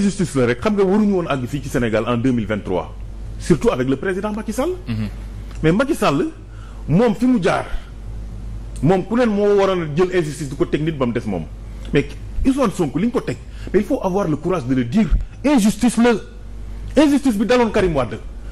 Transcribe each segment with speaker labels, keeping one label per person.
Speaker 1: injustice la rek xam nga waruñu woon àgg fii ci Sénégal en 2023 surtout avec le président Macky Sall. Mm-hmm. mais Macky Sall moom fi mu jaar moom ku neen moo waroon a jël injustice di ko teg nit ba mu des moom mais Ousmane Sonko li ñu ko teg mais il faut avoir le courage de le dire injustice la injustice bi daloon Karim Wade.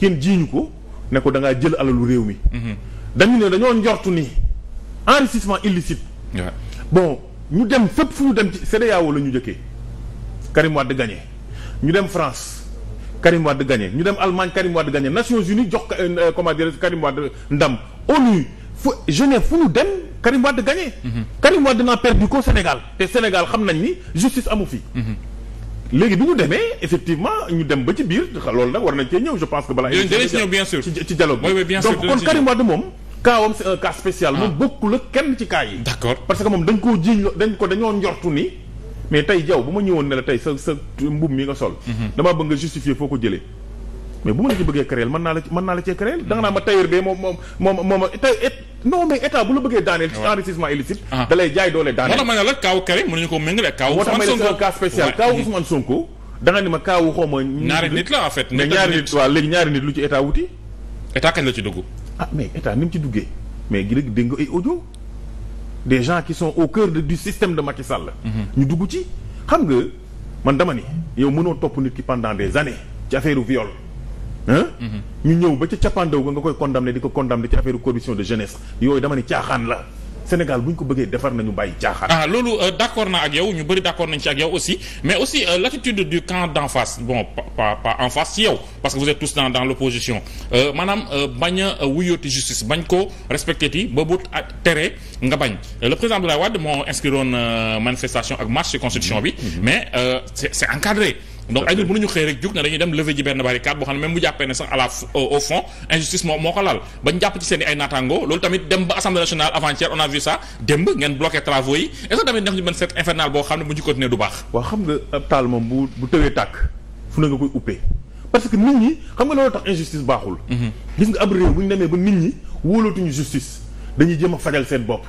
Speaker 1: kenn jiiñu ko ne ko da ngaa jël alalu réew mi. Mhm. dañu ne dañoo njortu ni enrichissement illicite. bon ñu dem fépp fu ñu dem ci CEDEAO la ñu jëkkee Karim Wade gagné ñu dem France Karim Wade gagné ñu dem Allemagne Karim Wade gagné Nations Unies jox euh, comment dire Karim Wade ndam ONU fu Genève fu ñu dem Karim Wade gagné. Mhm. Karim Wade naa perdu ko Sénégal te Sénégal xam nañ ni justice amu fi. Mhm. léegi bi ñu demee effectivement ñu dem ba ci biir loolu nag war nañ cee ñëw je pense que balaa. dinañ donc kon Karim Wade moom. kaawam cas spécial. moom ah. bokkul ak kenn ci cas yi. d'accord parce que moom dañ koo jiiñ dañ ko dañoo njortu ni. mais tey jaww bu ma ñëwoon ne tey sa sa mbubb mi nga sol. Mhm. damaa bëgg nga justifier foo ko jëlee. mais bu ma la ci bëggee créer mën naa la mën naa la cee créer. da nga naa ma tailleur bee moom moom moom moom tey non mais état bu la bëggee daaneel ci enrichissement illicite ah. da lay jaay doole daaneel moo tax ma
Speaker 2: ne la kaaw Karim mën nañu ko méngale
Speaker 1: ak kaaw Ousmane Sonko moo ne ma kaawu xaw ñaari nit la en fait ñaari nit waaw léegi ñaari nit lu ci état wuti état kañ la ci dugg ah mais état ni mu ci duggee mais gi dégg nga ay audio des gens qui son au cœur du système de Macky Sall mhm. ñu dugg ci xam nga man dama ni yow mënoo topp nit ki pendant des années ci affaire viol Mhm. ñu ñëw ba ca cappaandaw ga nga koy condamné di ko condamné ci affaire corruption de jeunesse yooyu dama ni caaxaan la Sénégal bu ñu ko bëggee defar nañu bàyyi caaxaan. ah loolu euh, d' naa ak yow ñu bëri d' accord nañ ci ak yow aussi mais aussi euh, l' attitude du camp d' en
Speaker 2: bon pas pas en face ci yow parce que vous êtes tous dans dans l' opposition euh, maanaam bañ a wuyooti justice bañ ko respecté boobu ba bu tere nga bañ le président Abdoulaye Wade moo inscriroon manifestation ak marche ci constitution bi mhm. mais c' est encadré. donc ay nit mënuñu xëy rek jug na dañuy dem lever ji benn barricade boo xam ne même jàppee ne sax à fond injustice moo moo ko laal bañ jàpp ci seen i ay naataango loolu tamit dem ba assemblée nationale avant-hier on a vu ça démb ngeen bloqué travaux yi est
Speaker 1: que tamit def ñu benn set infernal boo xam ne bu ñu continuer du baax waaw xam nga ab taal moom bu bu tàkk fu na nga koy uppee parce que nit ñi xam nga loolu tax injustice baaxul mhm. gis nga ab ba nit ñi wóolootuñu justice a fajal seen bopp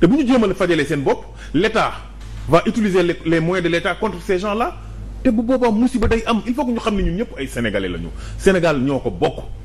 Speaker 1: te bu ñu jéem a fajalee seen bopp l'État va utiliser les moyens de l'État contre ces gens te bu boobaa musiba day am il faut que ñu xam ne ñun ñëpp ay sénégalais lañu Sénégal ñoo ko bokk.